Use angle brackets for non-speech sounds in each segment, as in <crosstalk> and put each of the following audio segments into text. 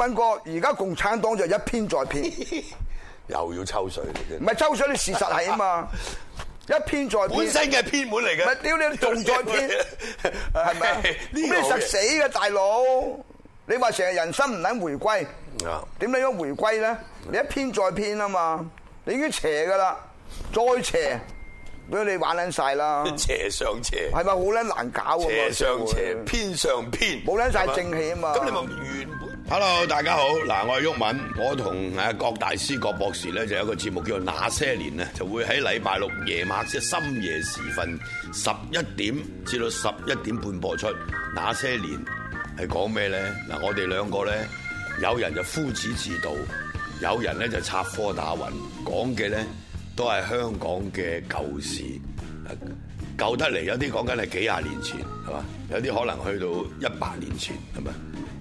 問過，而家共產黨就一騙再騙，又要抽水嚟嘅。唔係抽水，啲事實嚟啊嘛。一騙再騙，本身嘅偏門嚟嘅。唔係屌你啲仲再騙，係咪？呢啲實死嘅大佬，你話成日人生唔撚回歸啊？點撚樣回歸咧？你一騙再騙啊嘛，你已經邪㗎啦，再邪俾你玩撚晒啦。邪上邪，係咪好撚難搞啊？邪上邪，騙上騙冇撚晒正氣啊嘛。咁你話完。hello，大家好，嗱，我係毓民，我同誒郭大師、郭博士咧，就有一個節目叫做《那些年》咧，就會喺禮拜六夜晚即深夜時分十一點至到十一點半播出。《那些年》係講咩咧？嗱，我哋兩個咧，有人就夫子自道，有人咧就插科打諢，講嘅咧都係香港嘅舊事，舊得嚟有啲講緊係幾廿年前，係嘛？有啲可能去到一百年前，係咪？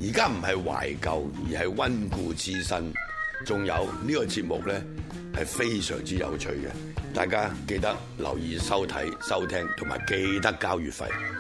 而家唔係懷舊，而係溫故知新。仲有呢個節目呢，係非常之有趣嘅。大家記得留意收睇、收聽，同埋記得交月費。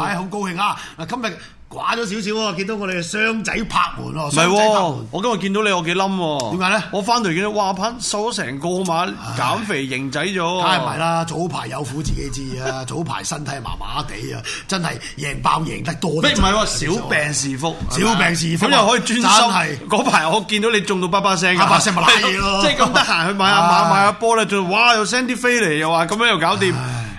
唉，好高興啊！嗱，今日寡咗少少喎，見到我哋嘅雙仔拍門喎。唔係喎，我今日見到你，我幾冧喎？點解咧？我翻嚟見到，哇！阿鵬瘦咗成個碼，減肥型仔咗。梗係唔係啦？早排有苦自己知啊！早排身體麻麻地啊，真係贏爆贏得多。咩唔係喎？小病是福，小病是福。咁又可以專心。真係嗰排我見到你中到叭叭聲，叭叭聲咪拉嘢咯。即係咁得閒去買下馬，買下波咧，就哇又 send 啲飛嚟又話咁樣又搞掂。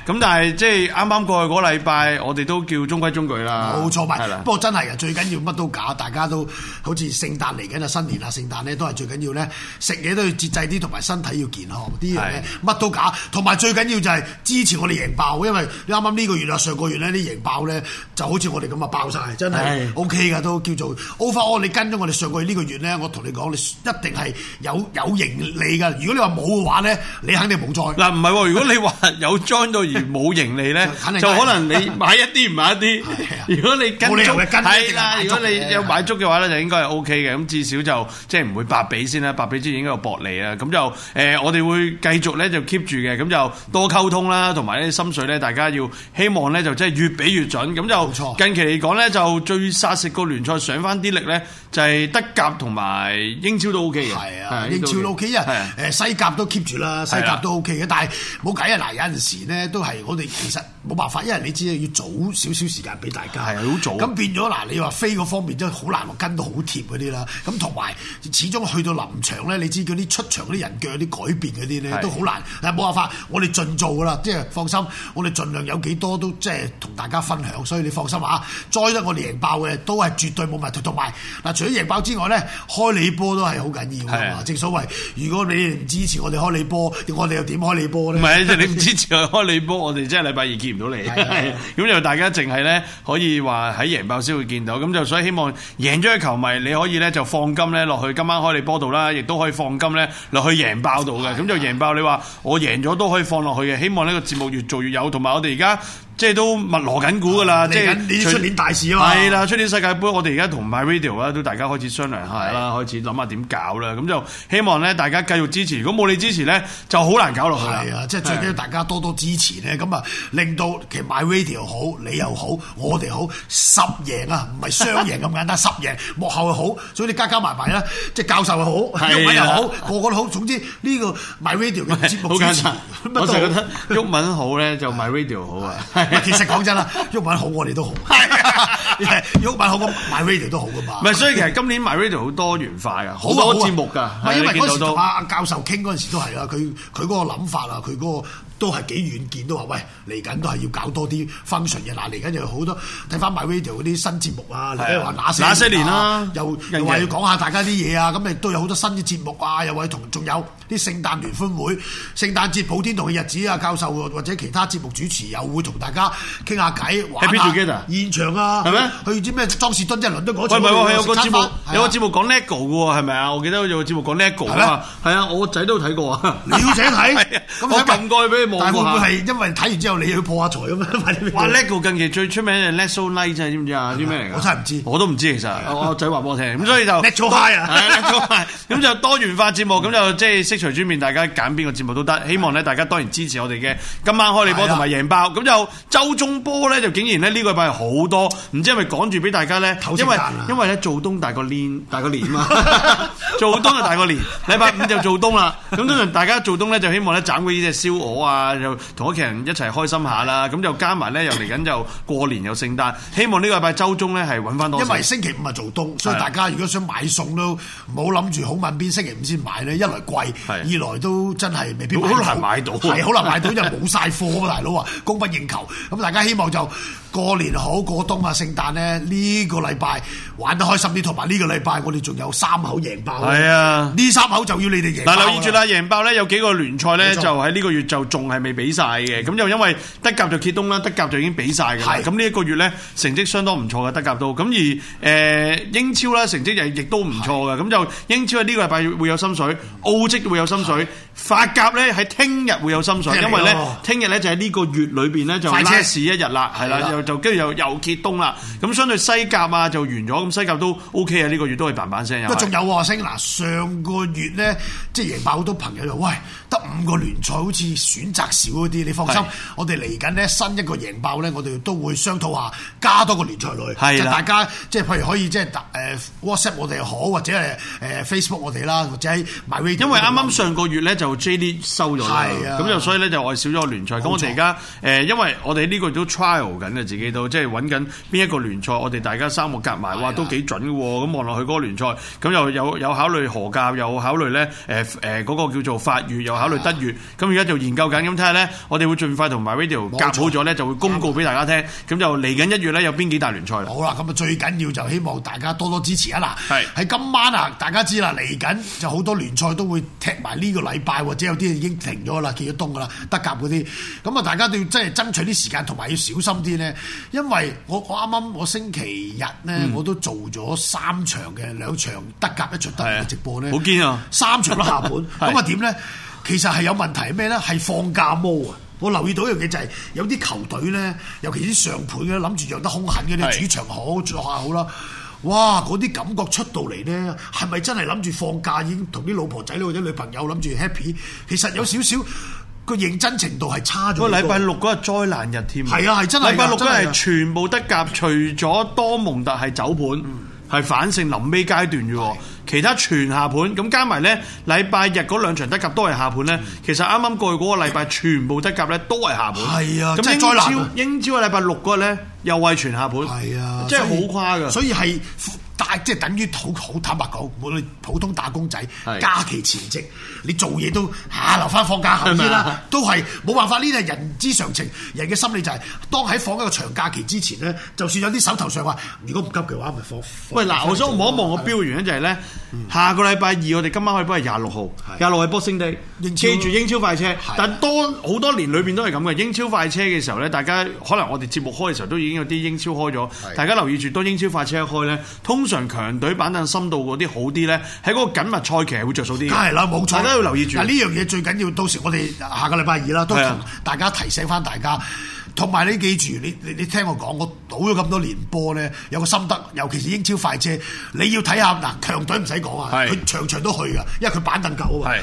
咁但係即係啱啱過去嗰個禮拜，我哋都叫中規中矩啦。冇錯，不過真係啊！的最緊要乜都假，大家都好似聖誕嚟緊啦，新年啦，聖誕咧都係最緊要咧，食嘢都要節制啲，同埋身體要健康啲嘢，乜是的 都假。同埋最緊要就係支持我哋贏爆，因為啱啱呢個月啊，上個月咧啲贏爆咧，就好似我哋咁啊爆晒。真係 OK 噶都叫做 offer。是的 分你跟咗我哋上個月呢個月咧，我同你講，你一定係有有盈利㗎。如果你話冇嘅話咧，你肯定冇錯。嗱，唔係喎，如果你話有 join 到。冇盈利咧，就可能你買一啲，唔買一啲。如果你跟係啦，如果你有買足嘅話咧，就應該係 OK 嘅。咁至少就即係唔會白俾先啦。白俾即係應該有薄利啊。咁就誒，我哋會繼續咧就 keep 住嘅。咁就多溝通啦，同埋啲心水咧，大家要希望咧就即係越俾越準。咁就近期嚟講咧，就最殺食個聯賽上翻啲力咧，就係德甲同埋英超都 OK 嘅。係啊，英超都 OK 嘅。誒西甲都 keep 住啦，西甲都 OK 嘅。但係冇計啊，嗱有陣時咧都。都係我哋其實冇辦法，因為你知啊，要早少少時間俾大家，係好早。咁變咗嗱，你話飛嗰方面真係好難跟到好貼嗰啲啦。咁同埋始終去到臨場咧，你知嗰啲出場啲人腳啲改變嗰啲咧，是都好難。但係，冇辦法，我哋盡做噶啦，即係放心，我哋盡量有幾多都即係同大家分享。所以你放心啊，再得我哋贏爆嘅都係絕對冇問題。同埋嗱，除咗贏爆之外咧，開你波都係好緊要。㗎嘛是，正所謂如果你唔支持我哋開你波，我哋又點開你波咧？唔係即係你唔支持我哋開你波。 <laughs> 我哋即係禮拜二見唔到你，咁就是的 <laughs> 大家淨係呢可以話喺贏爆先會見到，咁就所以希望贏咗嘅球迷你可以呢就放金呢落去今晚開你波度啦，亦都可以放金呢落去贏爆度嘅，咁是的 就贏爆你話我贏咗都可以放落去嘅，希望呢個節目越做越有，同埋我哋而家。即係都密鑼緊鼓㗎啦，即係你出年大事啊嘛。係啦，出年世界盃，我哋而家同 My Radio 啦，都大家開始商量下啦，開始諗下點搞啦。咁就希望咧，大家繼續支持。如果冇你支持咧，就好難搞落去。係啊，即係最緊要大家多多支持咧。咁啊，令到其實 My Radio 好，你又好，我哋好，十贏啊，唔係雙贏咁簡單，十贏幕後又好，所以你加加埋埋啦，即係教授又好，毓民又好，個個都好。總之呢個 My Radio 嘅節目主持人，我就覺得毓民好咧，就 My Radio 好啊。 <laughs> 其實講真啦，毓民好，我哋都好。係啊， <laughs> <laughs> 毓民好，我 MyRadio 都好噶嘛。唔係，所以其實今年 MyRadio 好多元化㗎，好、啊、多節目㗎。唔、啊啊、因為嗰陣時同阿教授傾嗰陣時都係啦，佢佢嗰個諗法啊，佢嗰、那個。.都係幾遠見，都話喂，嚟緊都係要搞多啲 function 嘅嗱，嚟緊有好多睇翻 My Radio 嗰啲新節目啊，例如話那些年啦，又又話要講下大家啲嘢啊，咁亦都有好多新嘅節目啊，又會同仲有啲聖誕聯歡會、聖誕節普天同嘅日子啊，教授或者其他節目主持又會同大家傾下偈，玩下現場啊，係咩？去啲咩莊士敦、周杰倫都講，唔係，係有個節目，有個節目講 lego 嘅喎，係咪啊？我記得有個節目講 lego 啊，係啊，我仔都睇過啊，你要請睇，我撳過去俾。但會唔會係因為睇完之後你要破下財啊？嘛，話 Lego 近期最出名係 natural high 啫，知唔知啊？啲咩嚟㗎？我真係唔知，我都唔知其實，我仔話俾我聽，咁所以就 natural high 啊 t 咁就多元化節目，咁就即係色彩轉變，大家揀邊個節目都得。希望咧大家當然支持我哋嘅今晚開你波同埋贏爆。咁就周中波咧就竟然咧呢個禮拜好多，唔知係咪趕住俾大家咧，因為因為咧做東大個鏈大個年啊！做冬就大過年，禮拜五就做冬啦。咁當然大家做冬咧，就希望咧斬啲呢隻燒鵝啊，又同屋企人一齊開心下啦。咁就加埋咧，又嚟緊就過年有聖誕，希望呢個禮拜週中咧係揾翻多。因為星期五係做冬，所以大家如果想買餸都唔好諗住好晚邊星期五先買咧，一來貴，二來都真係未必。好難買到，係好難買到，就冇晒貨，大佬啊，供不應求。咁大家希望就。過年好過冬啊！聖誕呢，呢、這個禮拜玩得開心啲，同埋呢個禮拜我哋仲有三口贏爆。係啊，呢三口就要你哋贏。嗱留意住啦，贏爆呢，有幾個聯賽呢，錯就喺呢個月就仲係未比晒嘅。咁、嗯、就因為德甲就歇冬啦，德甲就已經比晒嘅。啦是。咁呢一個月呢，成績相當唔錯嘅德甲都。咁而誒、呃、英超呢，成績就亦都唔錯嘅。咁是就英超喺呢、這個禮拜會有心水，澳職會有心水。法甲咧喺聽日會有心水，天啊、因為咧聽日咧就喺呢，呢個月裏邊咧就拉市一日啦，係啦開車，又就跟住又又結冬啦。咁相對西甲啊就完咗，咁西甲都 O K 啊，呢、這個月都係嘭嘭聲有。咁仲有啊升嗱、啊，上個月咧即係贏爆好多朋友就喂得五個聯賽好似選擇少一啲，你放心，是的 我哋嚟緊咧新一個贏爆咧，我哋都會商討下加多個聯賽落去，是的 大家即係譬如可以即係誒、呃呃、WhatsApp 我哋好，或者係誒 Facebook 我哋啦，或者喺 My We。8, ade, 因為啱啱上個月咧就。J d 收咗，咁就、啊、所以咧就我少咗個聯賽。咁錯我哋而家誒，因為我哋呢個都 trial 緊嘅，自己都即係揾緊邊一個聯賽。我哋大家三個夾埋，哇，都幾準嘅喎。咁望落去嗰個聯賽，咁又有有考慮荷甲，又考慮咧誒誒嗰個叫做法乙，又考慮德乙。咁而家就研究緊，咁睇下咧，我哋會盡快同埋 Radio 夾好咗咧，錯就會公告俾大家聽。咁的就嚟緊一月咧，有邊幾大聯賽？好啦，咁啊最緊要就希望大家多多支持啊嗱。係喺今晚啊，大家知啦，嚟緊就好多聯賽都會踢埋呢個禮拜。或者有啲已經停咗啦，企咗冬噶啦，德甲嗰啲，咁啊大家都要真係爭取啲時間，同埋要小心啲咧。因為我我啱啱我星期日咧，嗯、我都做咗三場嘅兩場德甲，一場德甲直播咧，好堅啊、三場都下盤。咁啊點咧？其實係有問題係咩咧？係放假毛啊！我留意到一樣嘢就係、是、有啲球隊咧，尤其啲上盤嘅諗住讓得兇狠嘅啲的主場好，做下好啦。哇！嗰啲感覺出到嚟呢，係咪真係諗住放假已經同啲老婆仔女或者女朋友諗住 happy？其實有少少個認真程度係差咗。個禮拜六嗰日災難日添，係啊係真係，禮拜六嗰日全部德甲，除咗多蒙特係走盤，係反勝臨尾階段啫喎。其他全下盤，咁加埋呢禮拜日嗰兩場德甲都係下盤呢。其實啱啱過去嗰個禮拜全部德甲呢都係下盤。係啊，即係災難。英超，英超禮拜六嗰日呢。又為全下盤，係啊，即係好誇㗎，所以係。即係等於好好坦白講，我哋普通打工仔是假期前夕，你做嘢都嚇、啊、留翻放假後先啦，是是都係冇辦法。呢啲係人之常情，人嘅心理就係、是、當喺放一個長假期之前咧，就算有啲手頭上話，如果唔急嘅話，咪放。放喂嗱，喂我想望一望個表嘅原因就係、是、咧，的下個禮拜二我哋今晚可以幫你廿六號，廿六係 Boxing Day，記住英超快車。的但當好多年裏邊都係咁嘅，英超快車嘅時候咧，大家可能我哋節目開嘅時候都已經有啲英超開咗，的大家留意住當英超快車一開咧，通。常強隊板凳深度嗰啲好啲咧，喺嗰個緊密賽期會着數啲。梗係啦，冇錯，大家要留意住。嗱，呢樣嘢最緊要，到時我哋下個禮拜二啦，都同大家提醒翻大家。同埋的你記住，你你你聽我講，我賭咗咁多年波咧，有個心得，尤其是英超快車，你要睇下嗱、呃，強隊唔使講啊，佢場場都去㗎，因為佢板凳夠啊。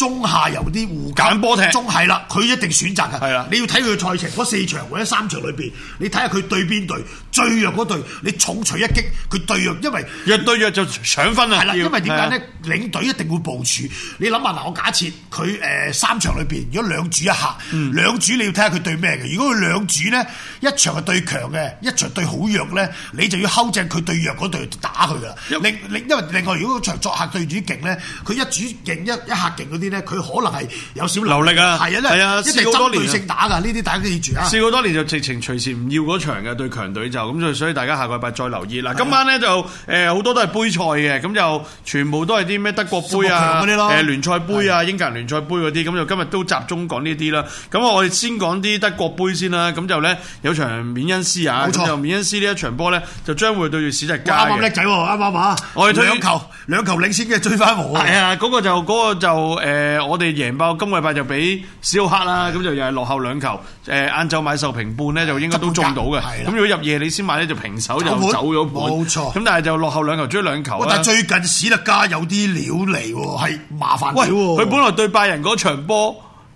中下游啲互剪波踢，中係啦，佢一定選擇，嘅的。係啊，你要睇佢賽程，四場或者三場裏邊，你睇下佢對邊隊，最弱嗰隊，你重錘一擊，佢對弱，因為弱對弱就搶分啊，係啦，因為點解咧？的領隊一定會部署。你諗下嗱，我假設佢誒三場裏邊，如果兩主一客，兩、嗯、主你要睇下佢對咩嘅？如果佢兩主咧，一場係對強嘅，一場對好弱咧，你就要睺正佢對弱嗰隊打佢啦。另另因為另外，如果場作客對主勁咧，佢一主勁一主一客勁嗰啲。佢可能係有少流力啊，係啊，係啊，試好多年，識打噶呢啲，大家記住啊。試好多年就直情隨時唔要嗰場嘅對強隊就咁，所以大家下個禮拜再留意啦。今晚咧就誒好多都係杯賽嘅，咁就全部都係啲咩德國杯啊嗰啲咯，誒聯賽杯啊，英格蘭聯賽杯嗰啲，咁就今日都集中講呢啲啦。咁我哋先講啲德國杯先啦。咁就咧有場免恩斯啊，咁就免恩斯呢一場波咧就將會對住史特加。啱叻仔，啱啱啊？我哋兩球，兩球領先嘅追翻和。係啊，嗰個就嗰個就誒。誒、呃，我哋贏爆今個禮拜就俾小黑啦，咁就的又係落後兩球。誒、呃，晏晝買受平半咧就應該都中到嘅。咁，的如果入夜你先買咧就平手就走咗盤。冇錯錯。咁但係就落後兩球追兩球，啊。但係最近史特加有啲料嚟，啊，係麻煩啲佢，啊，本來對拜仁嗰場波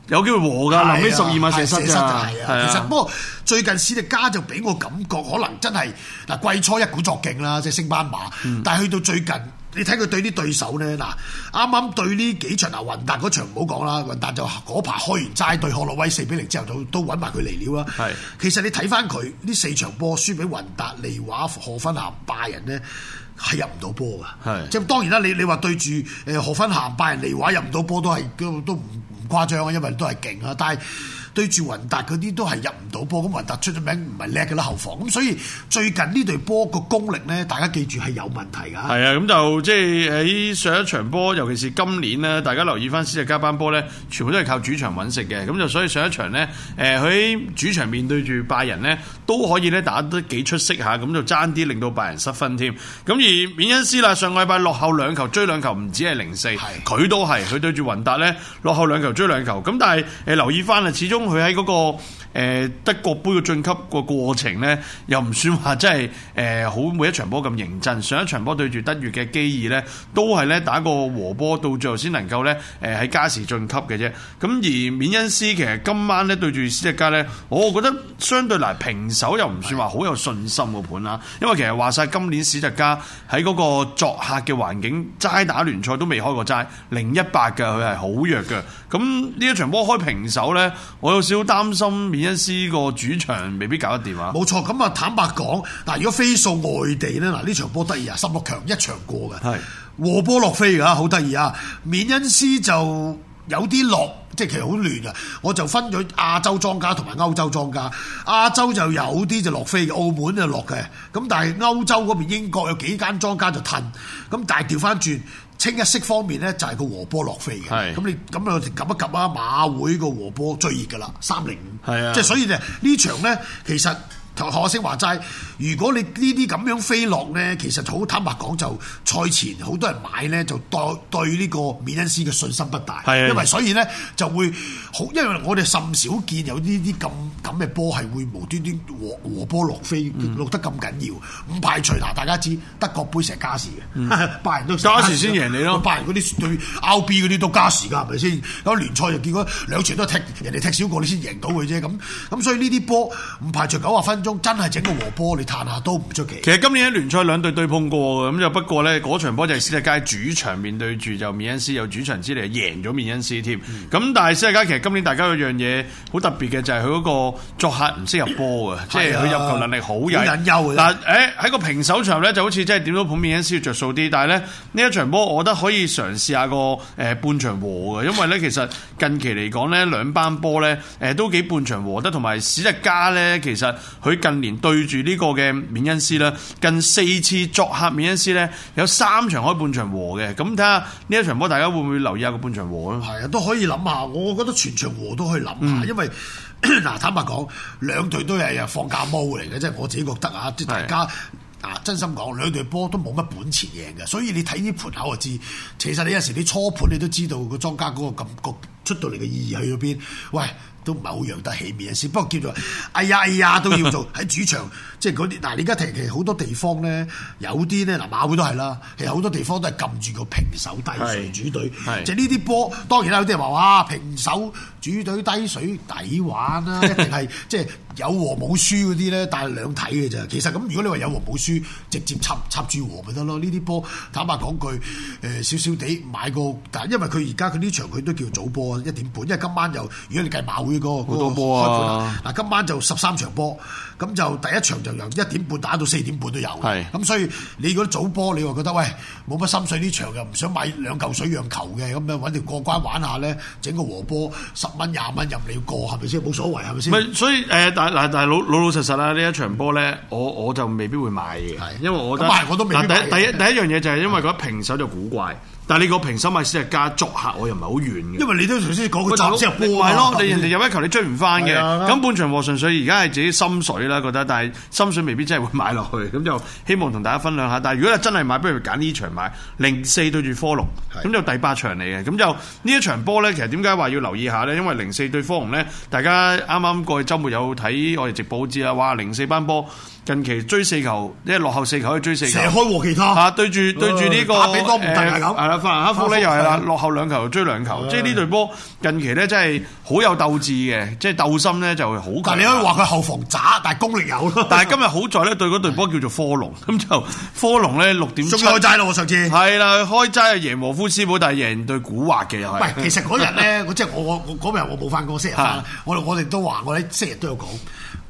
有機會和噶，臨尾十二碼射失。失的其實不過最近史特加就俾我感覺可能真係嗱，季初一鼓作勁啦，即係升班馬。嗯，但係去到最近。你睇佢對啲對手咧，嗱，啱啱對呢幾場，嗱，雲達嗰場唔好講啦，雲達就嗰排開完齋對荷洛威四比零之後，就都揾埋佢嚟料啦。係，是的 其實你睇返佢呢四場波輸俾雲達、利華、何芬鹹、拜仁咧，係入唔到波噶。係，即係當然啦。你你話對住誒，荷芬鹹、拜仁、利華入唔到波都係都唔唔誇張啊，因為都係勁啊，但係。對住雲達嗰啲都係入唔到波，咁雲達出咗名唔係叻嘅啦，後防，咁所以最近呢隊波個功力咧，大家記住係有問題噶。係啊，咁就即係喺上一場波，尤其是今年咧，大家留意翻斯德加班波咧，全部都係靠主場揾食嘅，咁就所以上一場咧，誒、呃、佢喺主場面對住拜仁咧，都可以咧打得幾出色下，咁就爭啲令到拜仁失分添。咁而免恩斯喇上個禮拜落後兩球追兩球，唔止係零四，佢都係佢對住雲達咧落後兩球追兩球，咁但係誒留意翻啊，始終。佢喺嗰個、呃、德國杯嘅晉級個過程呢，又唔算話真係誒好每一場波咁認真。上一場波對住德乙嘅基爾呢，都係呢打個和波，到最後先能夠呢誒喺、呃、加時晉級嘅啫。咁而緬恩斯其實今晚呢對住史特加呢，我，我覺得相對嚟平手又唔算話好有信心個盤啦。因為其實話晒今年史特加喺嗰個作客嘅環境齋打聯賽都未開過齋零一八嘅，佢係好弱嘅。咁呢一場波開平手呢，我有少少擔心免恩斯個主場未必搞得掂啊！冇錯，咁啊，坦白講，嗱如果飛數外地呢，嗱呢場波得意啊，十六強一場過嘅，係是和波落飛㗎，好得意啊！免恩斯就有啲落，即係其實好亂啊！我就分咗亞洲莊家同埋歐洲莊家，亞洲就有啲就落飛嘅，澳門就落嘅，咁但係歐洲嗰邊英國有幾間莊家就褪，咁但係調翻轉。清一色方面呢，就係、是、個和波落飛嘅，咁是的 你咁啊，及、嗯、一及啊，馬會個和波最熱噶啦，三零五，即係所以呢呢是的 場呢，其實。頭可惜話齋，如果你呢啲咁樣飛落咧，其實好坦白講，就賽前好多人買咧，就對對呢個免恩斯嘅信心不大，係啊，是的 因為所以咧就會好，因為我哋甚少見有呢啲咁咁嘅波係會無端端和和波落飛，落得咁緊要。唔、嗯、排除嗱，大家知德國杯成日加時嘅，拜仁、嗯、都加時先贏你咯。拜仁嗰啲對歐 B 嗰啲都加時㗎，係咪先？咁、那個、聯賽就結果兩場都踢，人哋踢少過你先贏到佢啫。咁咁所以呢啲波唔排除九啊分，真係整個和波，你彈下都唔出奇。其實今年喺聯賽兩隊對碰過嘅，咁就不過呢嗰場波就係史特佳主場面對住就面恩斯，又主場之利贏咗面恩斯添。咁但係史特佳其實今年大家有樣嘢好特別嘅，就係佢嗰個作客唔識入波嘅，即係佢入球能力好有引誘。嗱、啊，誒喺、欸、個平手場呢就好似即係點都捧面恩斯要著數啲，但係呢呢一場波我覺得可以嘗試下個誒、呃、半場和嘅，因為呢其實近期嚟講呢兩班波呢，誒、呃、都幾半場和得，同埋史特佳呢其實佢。近年對住呢個嘅緬恩斯啦，近四次作客緬恩斯咧，有三場開半場和嘅，咁睇下呢一場波大家會唔會留意下個半場和咯？係啊，都可以諗下，我覺得全場和都可以諗下，嗯、因為嗱坦白講，兩隊都係又放假毛嚟嘅，即係我自己覺得啊，即係大家啊，是的 真心講，兩隊波都冇乜本錢贏嘅，所以你睇呢盤口就知，其實你有時你初盤你都知道莊、嗰個莊家嗰個感覺出到嚟嘅意義去咗邊，喂。都唔係好養得起面先，不過叫做哎呀哎呀都要做喺主場，即係嗰啲嗱，你而家睇其實好多地方咧，有啲咧嗱，馬會都係啦，其實好多地方都係撳住個平手低水主隊，即係呢啲波，當然啦，有啲人話哇，平手主隊低水抵玩啦、啊，一定係即係。即係 <laughs> 有和冇輸嗰啲咧，但係兩睇嘅咋。其實咁，如果你話有和冇輸，直接插插住和咪得咯。呢啲波，坦白講句，誒少少啲買個。但係因為佢而家佢呢場佢都叫早波啊，一點半。因為今晚又，如果你計馬會嗰、嗰個，好多波啊，嗱今晚就十三場波。咁就第一場就由一點半打到四點半都有。係，咁所以你嗰啲早波你又覺得喂，冇乜心水，呢場又唔想買兩嚿水讓球嘅，咁啊揾條過關玩下咧，整個和波十蚊廿蚊入你過係咪先？冇所謂係咪先？唔係，所以誒、呃，但嗱但係老老老實實啦，呢一場波咧，我我就未必會買嘅。是因為我咁啊，我都唔買第。第一第一第一樣嘢就係因為嗰平手就古怪，但係你個平手咪先係加足客我又唔係好遠嘅，因為你都頭先講個波先，唔係咯，你、啊、人哋入一球你追唔翻嘅，咁、啊、半場和純粹而家係自己心水。啦，覺得，但係心水未必真係會買落去，咁就希望同大家分享下。但係如果你真係買，不如揀呢場買零四對住科隆，咁是的 就第八場嚟嘅。咁就呢一場波呢，其實點解話要留意下呢？因為零四對科隆呢，大家啱啱過去週末有睇我哋直播知啦，哇！零四班波。近期追四球，即係落後四球去追四球。射開和其他，吓對住對住呢個。比多唔定係咁。係啦，法蘭克福呢又係啦，落後兩球追兩球，即係呢隊波近期咧真係好有鬥志嘅，即係鬥心咧就會好強。但你可以話佢後防渣，但係功力有咯。但係今日好在咧，對嗰隊波叫做科隆，咁就科隆咧六點鐘。仲開齋咯，我上次。係啦，開齋係耶和夫師傅，但係贏對古華嘅又係。其實嗰日咧，即係我我嗰日我冇翻工，星期三，我我哋都話我喺星期日都有講。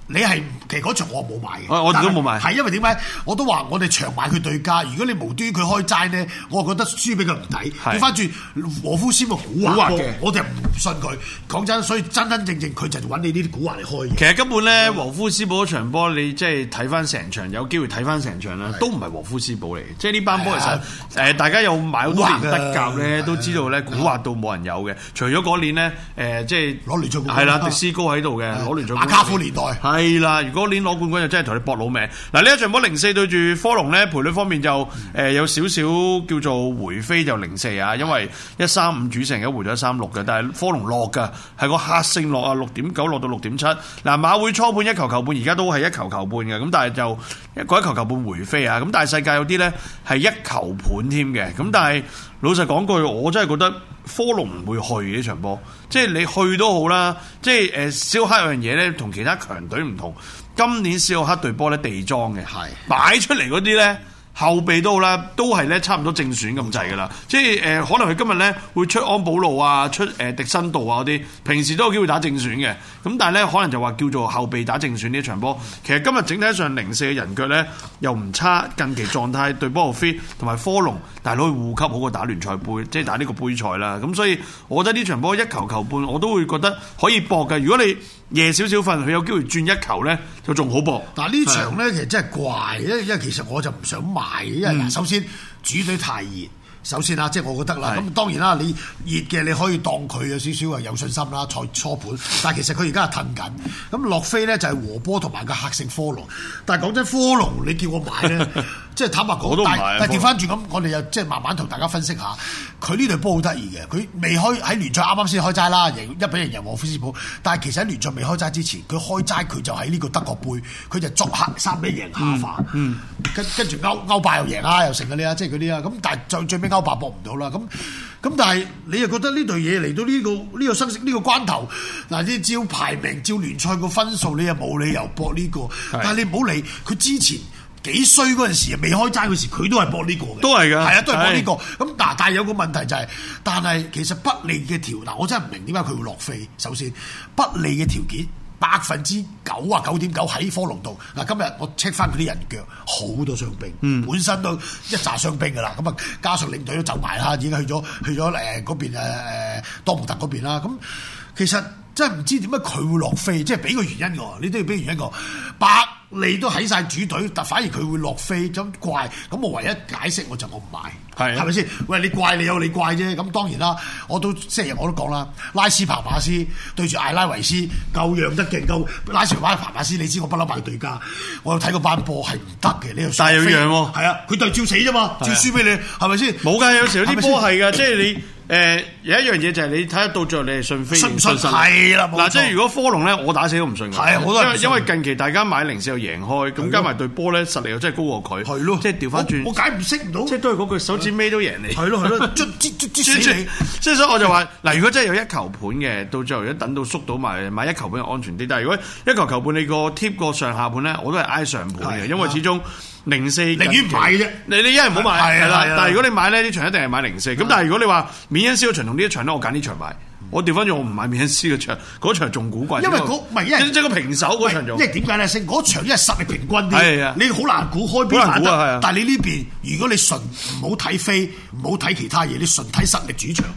你係其實嗰場我冇買嘅，我哋都冇買。係因為點解？我都話我哋長買佢對家。如果你無端佢開齋咧，我覺得輸俾佢唔睇。轉翻轉，和夫斯堡古惑嘅，我哋唔信佢。講真，所以真真正正佢就揾你呢啲古惑嚟開嘅。其實根本咧，和夫斯堡嗰場波，你即係睇翻成場有機會睇翻成場啦，都唔係和夫斯堡嚟嘅。即係呢班波其實誒，大家有買好多年德甲咧，都知道咧，古惑到冇人有嘅。除咗嗰年咧，誒即係攞聯賽冠係啦，迪斯高喺度嘅，攞聯賽冠卡夫年代係啦，如果呢年攞冠軍就真係同你搏老命嗱。呢一場波零四對住科隆呢，賠率方面就誒、嗯呃、有少少叫做回飛就零四啊，因為一三五主勝嘅回咗一三六嘅，6，但係科隆落嘅係個客勝落啊，六點九落到六點七嗱。馬會初盤一球球半，而家都係一球球半嘅，咁但係就一個一球球半回飛啊，咁但係世界有啲呢，係一球盤添嘅，咁但係老實講句，我真係覺得科隆唔會去呢場波。即係你去都好啦，即係誒，呃、燒黑有樣嘢咧，同其他強隊唔同。今年燒黑隊波咧地裝嘅，係的擺出嚟嗰啲咧。後備都好啦，都係咧差唔多正選咁滯噶啦。即係誒、呃，可能佢今日咧會出安保路啊，出誒、呃、迪辛道啊嗰啲，平時都有機會打正選嘅。咁但係咧，可能就話叫做後備打正選呢場波。其實今日整體上零四嘅人腳咧又唔差，近期狀態對波洛菲同埋科隆大佬護級好過打聯賽杯，即係打呢個杯賽啦。咁所以，我覺得呢場波一球球半我都會覺得可以搏嘅。如果你夜少少瞓，佢有機會轉一球咧，就仲好噃。嗱呢場咧，是其實真係怪，因為因為其實我就唔想買，因為首先、嗯、主隊太熱，首先啦，即、就、係、是、我覺得啦。咁是當然啦，你熱嘅你可以當佢有少少啊，有信心啦。賽初盤，但係其實佢而家係騰緊。咁洛 <laughs> 菲咧就係、是、和波同埋個客勝科隆，但係講真，科隆 <laughs> 你叫我買咧？ <laughs> 即係坦白講，但係調翻轉咁，嗯、我哋又即係慢慢同大家分析下，佢呢隊波好得意嘅，佢未開喺聯賽啱啱先開齋啦，贏一比零贏禾夫斯堡。但係其實喺聯賽未開齋之前，佢開齋佢就喺呢個德國杯，佢就作客三比零下飯、嗯嗯。跟跟住歐歐霸又贏啦，又成啊你啊，即係嗰啲啊。咁但係最最尾歐霸搏唔到啦。咁咁但係你又覺得呢隊嘢嚟到呢、呢個呢個生死呢個關頭，嗱，你照排名照聯賽個分數，你又冇理由搏呢、呢個。但係你唔好理佢之前。幾衰嗰陣時啊，未開齋嗰時，佢都係博呢個嘅，都係嘅，係啊，都係博呢個。咁嗱的，但係有個問題就係、是，但係其實不利嘅條，嗱，我真係唔明點解佢會落飛。首先不利嘅條件百分之九啊九點九喺科隆度。嗱，今日我 check 翻佢啲人腳，好多傷兵，嗯、本身都一紮傷兵㗎啦。咁啊，加上領隊都走埋啦，已經去咗去咗誒嗰邊誒多蒙特嗰邊啦。咁其實真係唔知點解佢會落飛，即係俾個原因㗎。你都要俾原因個八。百你都喺晒主隊，但反而佢會落飛，咁怪。咁我唯一解釋我就我唔買，係咪先？喂，你怪你有你怪啫。咁當然啦，我都星期日我都講啦，拉斯帕馬斯對住艾拉維斯夠讓得勁，夠，夠拉全班帕馬斯。你知我不嬲買對家，我睇過班波係唔得嘅。你個但係又讓喎，係啊，佢就照死啫嘛，照輸俾你，係咪先？冇㗎是、啊，有時有啲波係㗎吧，即係、就是、你。誒有一樣嘢就係你睇得到最後你係信飛，信唔信係啦。嗱，即係如果科龍咧，我打死都唔信。係，好多因為近期大家買零食又贏開，咁加埋對波咧實力又真係高過佢。係咯，即係調翻轉。我解唔識唔到。即係都係嗰句手指尾都贏你。係咯係咯，捽捽捽捽死你。即係所以我就話，嗱，如果真係有一球盤嘅，到最後一等到縮到埋買一球盤又安全啲。但係如果一球球盤你個 tip 個上下盤咧，我都係挨上盤嘅，因為始終。零四寧願唔買啫，你你一係唔好買。係啦，但係如果你買咧，呢場一定係買零四。咁但係如果你話免恩斯嘅場同呢一場咧，我揀呢場買。我調翻轉我唔買免恩斯嘅場，嗰場仲古怪。因為嗰唔係，因為即係平手嗰場仲。即係點解咧升？嗰場因為實力平均啲。係啊，你好難估開邊反。難估啊，係啊。但係你呢邊，如果你純唔好睇飛，唔好睇其他嘢，你純睇實力主場。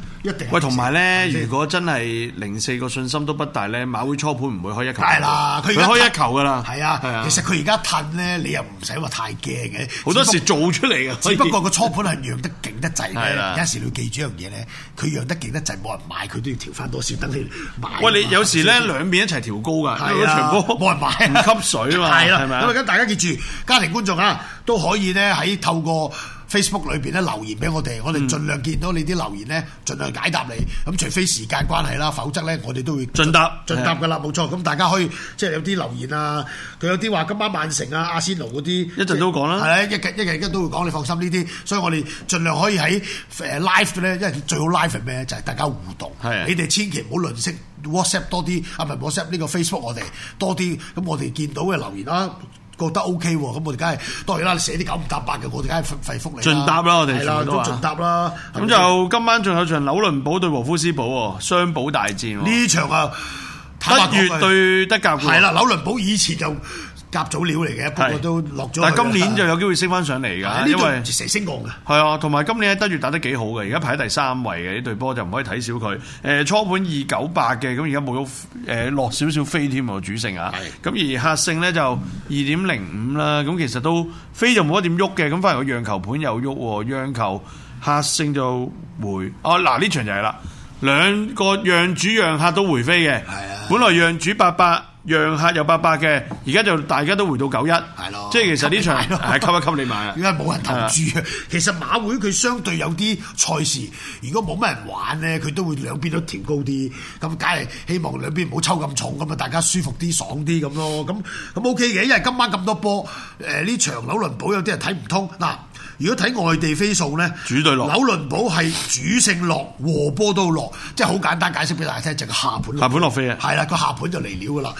喂，同埋咧，如果真係零四個信心都不大咧，馬會初盤唔會開一球，佢開一球噶啦。係啊，其實佢而家褪咧，你又唔使話太驚嘅。好多時做出嚟嘅，只不過個初盤係讓得勁得滯嘅。有時你要記住一樣嘢咧，佢讓得勁得滯，冇人買，佢都要調翻多少，等你買。喂，你有時咧兩邊一齊調高噶，調高冇人買，唔吸水啊嘛。係啦，咁啊，咁大家記住，家庭觀眾啊，都可以咧喺透過。Facebook 裏邊咧留言俾我哋，嗯、我哋盡量見到你啲留言咧，盡量解答你。咁除非時間關係啦，否則咧我哋都會盡答盡答嘅啦，冇錯。咁的大家可以即係、就是、有啲留言啊，佢有啲話今晚曼城啊、阿仙奴嗰啲，一陣都講啦，係一日一日都會講，你放心呢啲。所以我哋盡量可以喺誒 live 咧，因為最好 live 係咩？就係、是、大家互動。係的啊，你哋千祈唔好吝嗇 WhatsApp 多啲，啊唔係 WhatsApp 呢個 Facebook 我哋多啲，咁我哋見到嘅留言啦、啊。覺得 OK 喎，咁我哋梗係當然啦，你寫啲九唔搭八嘅，我哋梗係費費褸嚟啦。盡答啦，我哋全部都啦，都盡答啦。咁就今晚仲有場紐倫堡對和夫斯堡喎，雙保大戰喎。呢場啊，德乙對德甲係啦，紐倫堡以前就，夾組料嚟嘅，不過的都落咗。但今年就有機會升翻上嚟噶，的因為成升降嘅。係啊，同埋今年喺德乙打得幾好嘅，而家排喺第三位嘅呢隊波就唔可以睇少佢。誒、呃，初盤二九八嘅，咁而家冇咗，誒落少少飛添喎主勝啊。係。咁而客勝呢就二點零五啦。咁其實都飛就冇得點喐嘅。咁反而個讓球盤又喐喎，讓球客勝就回。哦、啊，嗱呢場就係啦，兩個讓主讓客都回飛嘅。係啊的。本來讓主八八，讓客又八八嘅，而家就大家都回到九一的，係咯。即係其實呢場係吸，吸一吸你買啊。因為冇人投注啊，是的 其實馬會佢相對有啲賽事，如果冇乜人玩咧，佢都會兩邊都調高啲。咁梗係希望兩邊唔好抽咁重咁啊，大家舒服啲，爽啲咁咯。咁咁 OK 嘅，因為今晚咁多波，誒呢場紐倫堡有啲人睇唔通嗱。如果睇外地飛數咧，主對落紐倫堡係主勝落，和波都落，即係好簡單解釋俾大家聽，就係下盤落飛。下盤落飛啊！係啦，個下盤就嚟料噶啦。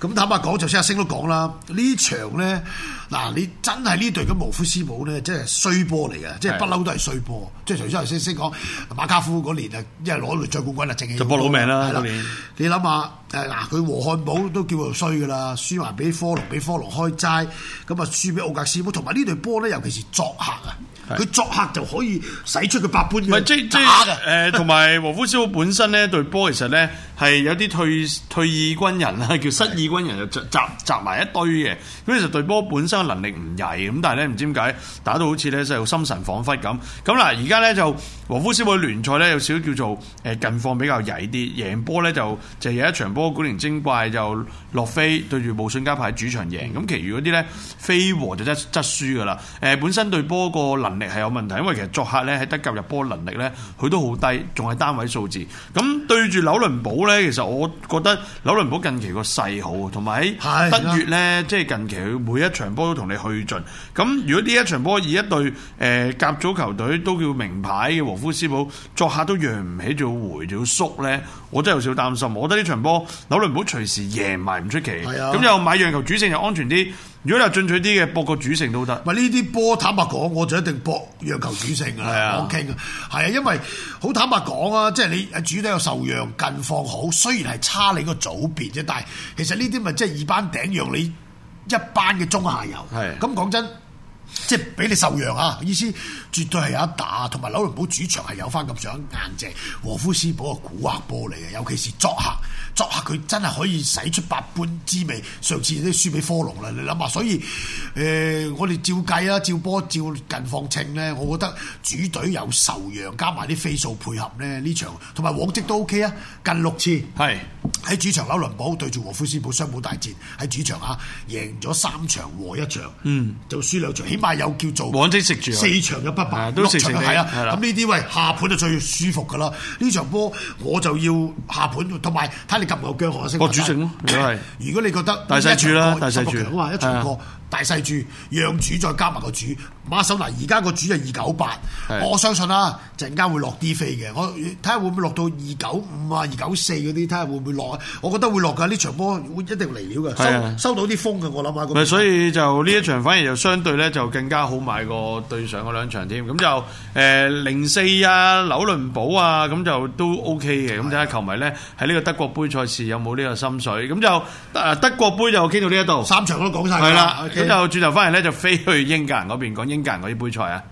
咁坦白講，就先阿聲都講啦，場呢場咧。嗱，你真係呢隊嘅禾夫斯堡咧，即係衰波嚟嘅，即係不嬲都係衰波。即係除咗頭先先講馬卡夫嗰年啊，即係攞嚟獎冠軍啦，正嘅。就搏老命啦！嗰年，你諗下誒嗱，佢和漢堡都叫做衰㗎啦，輸埋俾科隆，俾科隆開齋，咁啊輸俾奧格斯堡。同埋呢隊波咧，尤其是作客啊，佢作客就可以使出佢百般嘅假即誒，同埋禾夫斯堡本身呢，對波其實咧。係有啲退退役軍人啦，叫失意軍人就集集埋一堆嘅，咁其實對波本身嘅能力唔曳，咁但係咧唔知點解打到好似咧就心神恍惚咁。咁嗱，而家咧就禾夫斯堡聯賽咧有少少叫做誒近況比較曳啲，贏波咧就就有一場波古靈精怪就落飛對住慕遜加柏主場贏，咁其餘嗰啲咧飛和就即即輸噶啦。誒，本身對波個能力係有問題，因為其實作客咧喺得幾球入波能力咧佢都好低，仲係單位數字。咁對住紐倫堡。咧，其實我覺得紐倫堡近期個勢好，同埋喺德乙咧，即係的近期每一場波都同你去盡。咁如果呢一場波以一隊誒、呃、甲組球隊都叫名牌嘅禾夫斯堡作客都讓唔起，做回咗縮咧，我真係有少少擔心。我覺得呢場波紐倫堡隨時贏埋唔出奇。咁的又買讓球主勝又安全啲。如果你又進取啲嘅，博個主勝都得。咪呢啲波，坦白講，我就一定博讓球主勝啊！我傾啊，係啊，因為好坦白講啊，即係你主隊有受讓近況好，雖然係差你個組別啫，但係其實呢啲咪即係二班頂讓你一班嘅中下游。係咁講真。即係俾你受讓啊！意思絕對係有一打，同埋紐倫堡主場係有翻咁上硬淨。和夫斯堡個古惑波嚟嘅，尤其是作客，作客佢真係可以使出百般滋味。上次都輸俾科隆啦，你諗下。所以誒、呃，我哋照計啊，照波，照近況稱呢，我覺得主隊有受讓，加埋啲飛數配合呢，呢場同埋往績都 OK 啊！近六次係喺是主場紐倫堡對住和夫斯堡雙堡大戰，喺主場啊，贏咗三場和一場，嗯，就輸兩場。起碼有叫做往即食住四場嘅不敗，六場係啊，咁呢啲喂下盤就最舒服㗎喇。呢場波我就要下盤同埋睇你及唔及姜河嘅聲。國主勝咯，係如果你覺得大細注啦，大細注我話一場波大細注讓主再加埋個主。馬首嗱，而家個主就二九八，我相信啦，陣間會落啲飛嘅。我睇下會唔會落到二九五啊、二九四嗰啲，睇下會唔會落。我覺得會落㗎，呢場波會一定嚟料㗎，收收到啲風㗎。我諗下。咪所以就呢一場反而就相對咧就更加好買過對上嗰兩場添。咁就誒零四啊、紐倫堡啊，咁就都 OK 嘅。咁睇下球迷咧喺呢個德國杯賽事有冇呢個心水。咁就德德國杯就傾到呢一度。三場都講晒。係啦，咁就轉頭返嚟咧就飛去英格蘭嗰邊講。邊間嗰啲杯菜啊？